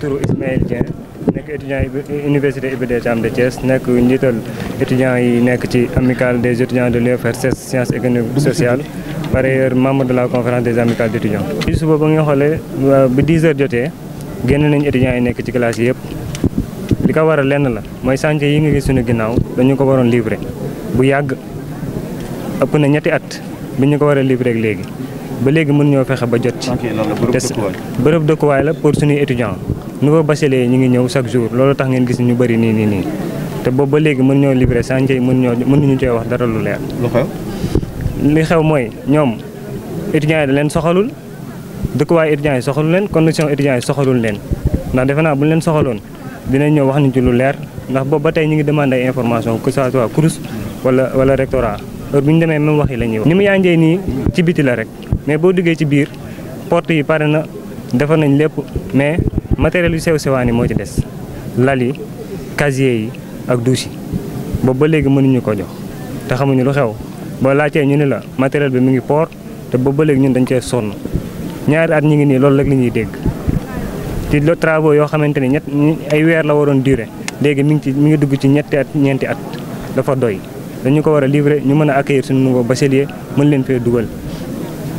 tour Ismaël Dien nek étudiant université Ibn Der Thiam de Thiès nek njital étudiant yi nek ci amical des étudiants de l'UFRS sciences économiques sociales par ailleurs membre de la conférence des amicales d'étudiants ci suba ba nga xolé bi 10h joté jotee génn nañ étudiant yi nek ci classe yépp li ka waral lenn la moy chantier yi nga gis suñu ginnaw dañu ko waron livrer bu yagg ëpp na ñetti at bi ñu ko war livrer ak légui ba léegi ñoo fexe ba jot ci te bërëb dëkkuwaay la pour suñuy étudiants nouveau bachelier yi ñu ngi ñëw chaque jour loolu tax ngeen gis ñu bëri nii nii nii te boobu ba léegi mën ñoo libéré chantier yi mën ñoo mën ñu cee wax dara lu leer. lu xew li xew mooy ñoom étudiants yi da leen soxalul dëkkuwaay étudiants yi soxalul leen condition étudiants yi soxalul leen ndax defe naa bu leen soxaloon dinañ ñëw wax ñu ci lu leer ndax boobu ba tey ñu ngi demandé ay information que ça soit wala wala rectorat heure bu ñu demee même wax yi la ñuy wax. ni mu yaanjee nii ci biti la rek mais boo duggee ci biir porte yi pare na defar nañ lépp mais matériel yu sew sewaan yi moo ci des lal yi casier yi ak douche yi boobu ba léegi mënuñu ko jox te xamuñu lu xew boo laajtee ñu ni la matériel bi mu ngi port te boobu ba léegi ñun dañ cee sonn ñaari at ñu ngi nii loolu rek la ñuy dégg te lo travaux yoo xamante ni ñett ay weer la waroon durer léegi mi ngi ci mi ngi dugg ci ñetti at ñeenti at dafa doy dañu ko war a livrer ñu mën a accueillir suñu nouveau bachelier mën leen fee dugal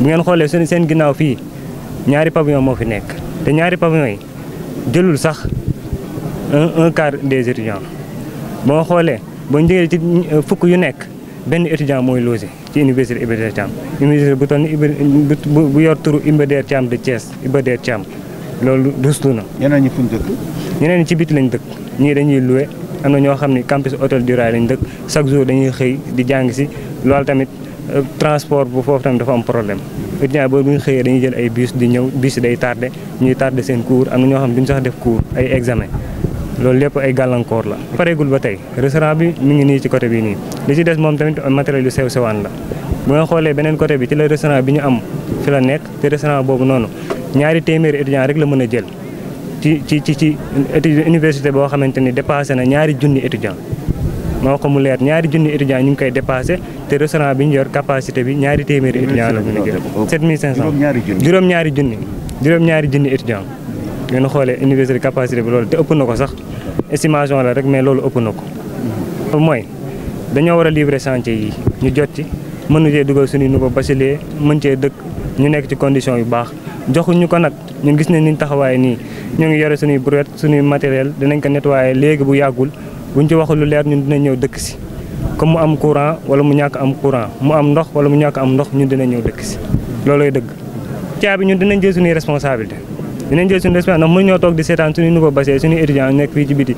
bu ngeen xoolee seen seen ginnaaw fii ñaari pavillon moo fi nekk te ñaari pavillon yi jëlul sax un un des étudiants boo xoolee boo njëgee ci fukk yu nekk benn étudiant mooy logé ci université Iba Der Thiam université bu toll ni bu yor turu Iba Der Thiam de Thiès Iba Der Thiam loolu ruslu na. ñeneen ñi fu ñu dëkk. ñeneen ñi ci biti lañ dëkk ñii dañuy loué am na ñoo xam ni campus hôtel du Rail lañ dëkk chaque jour dañuy xëy di jàng si loolu tamit euh, transport bu foofu tamit dafa am problème. étudiants boobu bu ñu xëyee dañuy jël ay bus di ñëw bus yi day tardé ñuy tardé seen cours am na ñoo xam ne duñ sax def cours ay examen loolu lépp ay gàllankoor la. pareegul ba tey restaurant bi mu ngi nii ci côté bii nii li ci des moom tamit matériel yu sew sewaan la bu nga xoolee beneen côté bi ci la restaurant bi ñu am fi la nekk te restaurant boobu noonu ñaari téeméeri étudiants rek la mën a jël ci ci ci ci université boo xamante ni dépassé na ñaari junni étudiants. ma ko mu leer ñaari junni étudiants ñu ngi koy dépasé te restaurant bi ñu yor capacité bi ñaari téeméeri étudiants la ñu liggéey 7500 juróom-ñaari junni juróom-ñaari junni étudiants ngeen xoolee université capacité bi loolu te ëpp na ko sax estimation la rek mais loolu ëpp na ko mooy dañoo war a livrer chantier yi ñu jot ci mënu cee dugal suñuy nouveau bachelier mën cee dëkk ñu nekk ci condition yu baax joxuñu ko nag ñun gis nañ ni taxawaay nii ñu ngi yore suñuy brouette suñuy matériel dinañ ko nettoyer léegi bu yàggul bu buñ ci waxul lu leer ñun dina ñëw dëkk si comme mu am courant wala mu ñàkk am courant mu am ndox wala mu ñàkk am ndox ñun dina ñëw dëkk si loolooy dëgg caabi ñun dinañ jël suñuy responsabilité dinañ jël suñu responsabilité ndax mën ñoo toog di seetaan suñu nouveau basé suñu étudiant nekk fii ci biti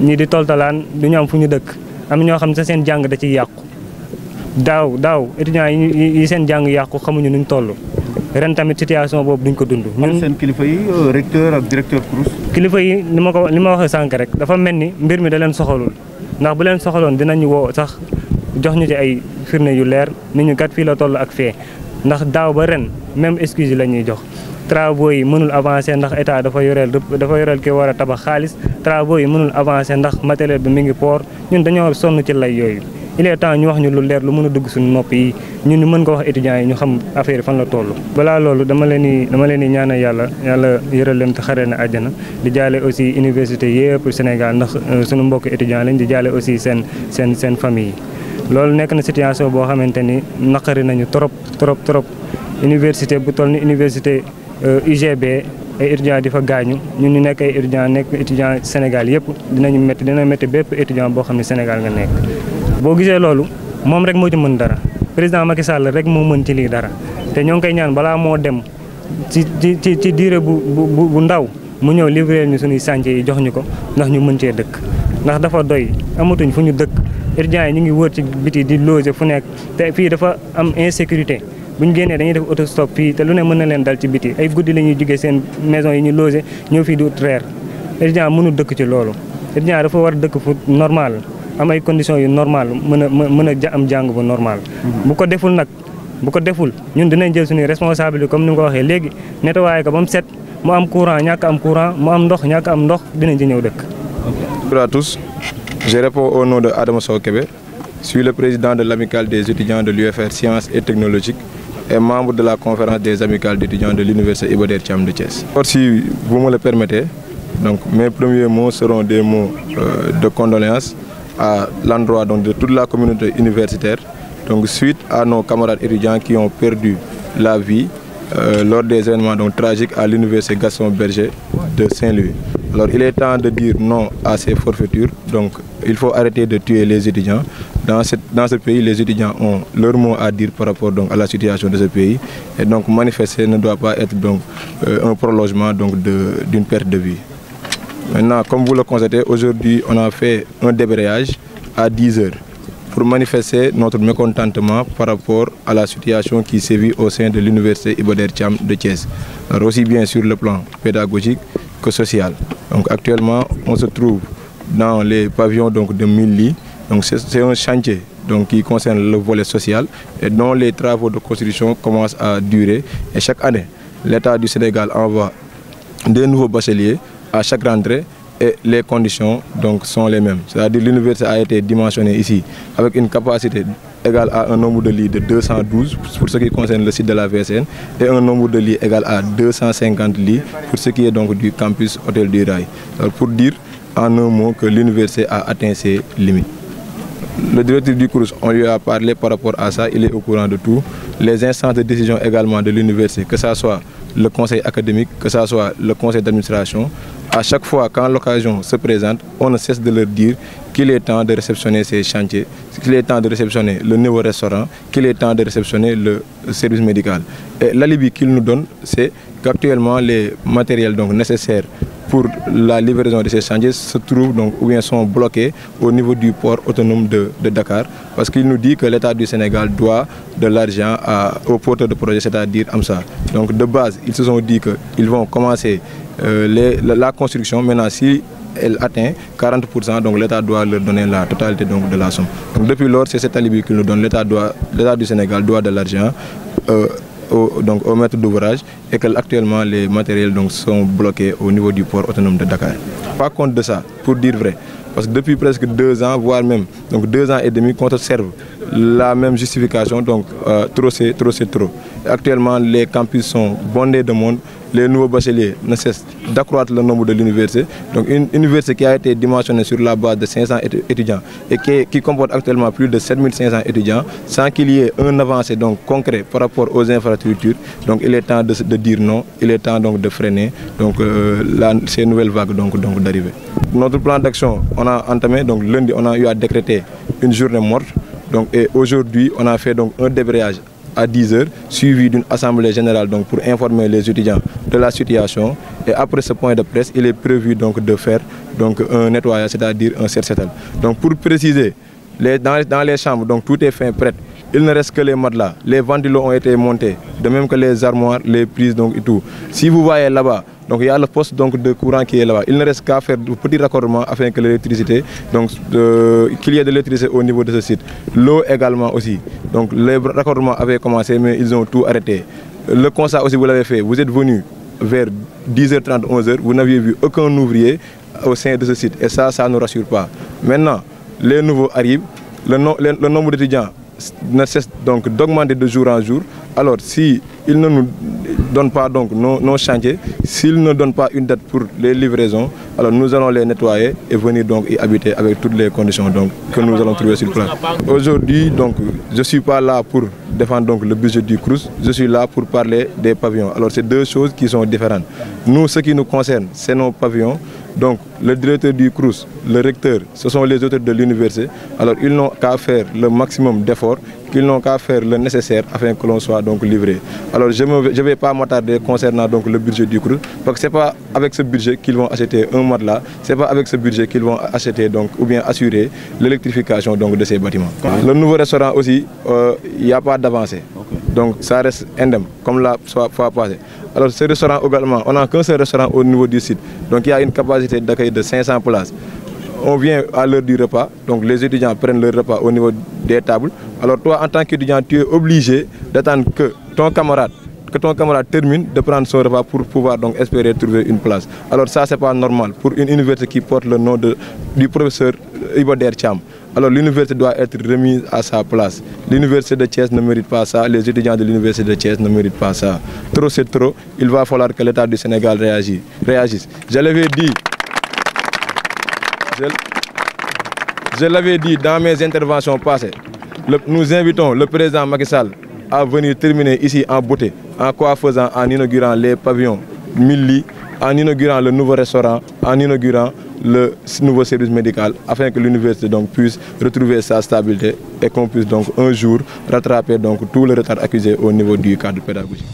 ñi di toltalaan du ñu am fu ñu dëkk am ñoo xam ne sa seen jàng da ciy yàqu daaw daaw étudiants yi seen jàng yàqu xamuñu nuñ toll ren tamit situation boobu duñ ko dund. ñun seen kilifa yi euh, recteur ak directeur Crous. kilifa yi ni ma ko ni ma waxee sànq rek dafa mel ni mbir mi da leen soxalul ndax bu leen soxaloon dinañu woo sax jox ñu ci ay firnde yu leer ni ñu gat fii la toll ak fee ndax daaw ba ren même excuse yi la ñuy jox. travaux yi mënul avancer ndax état dafa yoreel dafa yoreel ki war a tabax xaalis travaux yi mënul avancer ndax matériel bi mi ngi poor ñun dañoo sonn ci lay yooyu. il est temps ñu wax ñu lu leer lu mën a dugg suñu nopp yi ñu ñu mën ko wax étudiants yi ñu xam affaire fan la toll. balaa loolu dama leen di dama leen di ñaanal yàlla yàlla yëral leen xaree na àjjana di jaale aussi université yëpp Sénégal ndax euh, suñu mbokk étudiants lañ di jaale aussi seen seen seen famille yi. loolu nekk na situation boo xamante ni naqari nañu trop trop trop université bu toll ni université UGB. Euh, ay étudiants di fa gaañu ñun ñu nekk ay étudiants nekk étudiants Sénégal yëpp dinañu métti dina métti bépp étudiant boo xam ne Sénégal nga nekk boo gisee loolu moom rek moo ci mën dara président Macky Sall rek moo mën ci lii dara te ñoo ngi koy ñaan balaa moo dem ci ci ci ci diire bu bu ndaw mu ñëw livré ñu suñuy chantier yi jox ñu ko ndax ñu mën cee dëkk ndax dafa doy amatuñ fu ñu dëkk étudiants yi ñu ngi wër ci biti di loger fu nekk te fii dafa am insécurité bu ñu génnee dañuy def autostop fii te lu ne mën na leen dal ci biti ay guddi lañuy ñuy seen maison yi ñu loger ñëw fii du ut reer étudiant mënu dëkk ci loolu étudiant dëkk fu normal am ay conditions yu normal mën a mën a am jàng bu normal. Mhm. bu ko deful nag bu ko deful ñun dinañ jël suñuy responsabilité comme ni nga ko waxee léegi nettoyé ko ba mu set mu am courant ñàkk am courant mu am ndox ñàkk am ndox dinañ ci ñëw dëkk. Bonjour à tous je réponds au nom de Adama Sow Kébé je suis le président de l'amicale des étudiants de l'UFR sciences et technologiques et membre de la conférence des amicales d'étudiants de l'université Iba Der Thiam de Thiès. Alors si vous me le permettez donc mes premiers mots seront des mots euh, de condoléances à l'endroit de toute la communauté universitaire. Donc suite à nos camarades étudiants qui ont perdu la vie euh, lors des événements donc, tragiques à l'université Gaston Berger de Saint-Louis. Alors il est temps de dire non à ces forfaitures, donc il faut arrêter de tuer les étudiants. Dans, dans ce pays, les étudiants ont leur mot à dire par rapport à la situation de ce pays. Et donc manifester ne doit pas être donc, euh, un prolongement d'une perte de vie. Maintenant, comme vous le constatez, aujourd'hui, on a fait un débrayage à 10 heures pour manifester notre mécontentement par rapport à la situation qui sévit au sein de l'université Iboder Cham de Thiès, aussi bien sur le plan pédagogique que social. actuellement, on se trouve dans les pavillons donc, de 1000 lits. Donc c'est un chantier qui concerne le volet social et dont les travaux de construction commencent à durer. Et chaque année, l'État du Sénégal envoie de nouveaux bacheliers à chaque rentrée et les conditions donc, sont les mêmes. C'est-à-dire l'université a été dimensionnée ici avec une capacité égale à un nombre de lits de 212 pour ce qui concerne le site de la VSN et un nombre de lits égal à 250 lits pour ce qui est donc du campus Hôtel du Rail. Alors pour dire en un mot que l'université a atteint ses limites. Le directeur du cours, on lui a parlé par rapport à ça, il est au courant de tout. Les instances de décision également de l'université, que ce soit le conseil académique, que ce soit le conseil d'administration. À chaque fois, quand l'occasion se présente, on ne cesse de leur dire qu'il est temps de réceptionner ces chantiers, qu'il est temps de réceptionner le nouveau restaurant, qu'il est temps de réceptionner le service médical. Et l'alibi qu'ils nous donnent, c'est qu'actuellement, les matériels donc nécessaires pour la livraison de ces chantiers se trouvent donc ou bien sont bloqués au niveau du port autonome de, Dakar parce qu'il nous dit que l'État du Sénégal doit de l'argent au porteur de projet, c'est-à-dire AMSA. Donc de base, ils se sont dit qu'ils vont commencer euh, la, construction. Maintenant, si elle atteint 40%, donc l'État doit leur donner la totalité donc, de la somme. Donc depuis lors, c'est cet alibi qui nous donne. L'État du Sénégal doit de l'argent. Euh, au, donc, maître d'ouvrage et que actuellement les matériels sont bloqués au niveau du port autonome de Dakar. Pas compte de ça, pour dire vrai, parce que depuis presque deux ans, voire même donc deux ans et demi, qu'on observe la même justification. Donc euh, trop c'est trop, c'est trop. Actuellement, les campus sont bondés de monde. Les nouveaux bacheliers ne cessent d'accroître le nombre de l'université. Donc une université qui a été dimensionnée sur la base de 500 étudiants et qui, comporte actuellement plus de 7500 étudiants, sans qu'il y ait un avancé donc, concret par rapport aux infrastructures. Donc il est temps de, dire non, il est temps donc de freiner donc, euh, ces nouvelles vagues donc, donc notre plan d'action, on a entamé, donc lundi, on a eu à décréter une journée morte. Donc, et aujourd'hui, on a fait donc, un débrayage à 10h, suivi d'une assemblée générale donc, pour informer les étudiants de la situation. Et après ce point de presse, il est prévu donc, de faire donc, un nettoyage, c'est-à-dire un cercetel. Donc pour préciser, dans, les chambres, donc, tout est fait prêt. Il ne reste que les matelas. Les l'eau ont été montés, de même que les armoires, les prises donc, et tout. Si vous voyez là-bas, donc il y a le poste donc, de courant qui est là-bas. Il ne reste qu'à faire de petits raccordements afin que l'électricité, donc euh, qu'il y ait de l'électricité au niveau de ce site. L'eau également aussi. Donc les raccordements avaient commencé mais ils ont tout arrêté. Le constat aussi vous l'avez fait, vous êtes venu vers 10h30, 11h, vous n'aviez vu aucun ouvrier au sein de ce site. Et ça, ça ne nous rassure pas. Maintenant, les nouveaux arrivent, le nombre d'étudiants ne cesse donc d'augmenter de jour en jour. Alors s'ils ne nous donnent pas donc nos, chantiers, s'ils ne donnent pas une date pour les livraisons, alors nous allons les nettoyer et venir donc y habiter avec toutes les conditions donc, que nous allons trouver sur place. Aujourd'hui, donc, je ne suis pas là pour défendre donc, le budget du CRUS, je suis là pour parler des pavillons. Alors c'est deux choses qui sont différentes. Nous, ce qui nous concerne, c'est nos pavillons. Donc, le directeur du CRUS, le recteur, ce sont les auteurs de l'université. Alors, ils n'ont qu'à faire le maximum d'efforts, qu'ils n'ont qu'à faire le nécessaire afin que l'on soit donc livré. Alors, je ne vais, pas m'attarder concernant donc le budget du CRUS, parce que ce n'est pas avec ce budget qu'ils vont acheter un matelas, ce n'est pas avec ce budget qu'ils vont acheter donc, ou bien assurer l'électrification de ces bâtiments. Le nouveau restaurant aussi, euh, il n'y a pas d'avancée. Donc, ça reste indemne, comme la fois passée. Alors ce restaurant également, on n'a qu'un seul restaurant au niveau du site. Donc il y a une capacité d'accueil de 500 places. On vient à l'heure du repas, donc les étudiants prennent leur repas au niveau des tables. Alors toi, en tant qu'étudiant, tu es obligé d'attendre que ton camarade que ton camarade termine de prendre son repas pour pouvoir espérer trouver une place. Alors ça, n'est pas normal pour une université qui porte le nom du professeur Ibad Cham. Alors l'université doit être remise à sa place. L'université de Thiès ne mérite pas ça, les étudiants de l'université de Thiès ne méritent pas ça. Trop c'est trop, il va falloir que l'État du Sénégal réagisse. réagisse. Je l'avais dit, je, l'avais dit dans mes interventions passées, nous invitons le président Macky Sall à venir terminer ici en beauté, en coiffant en inaugurant les pavillons Milli en inaugurant le nouveau restaurant, en inaugurant le nouveau service médical, afin que l'université donc puisse retrouver sa stabilité et qu'on puisse donc un jour rattraper donc tout le retard accusé au niveau du cadre pédagogique.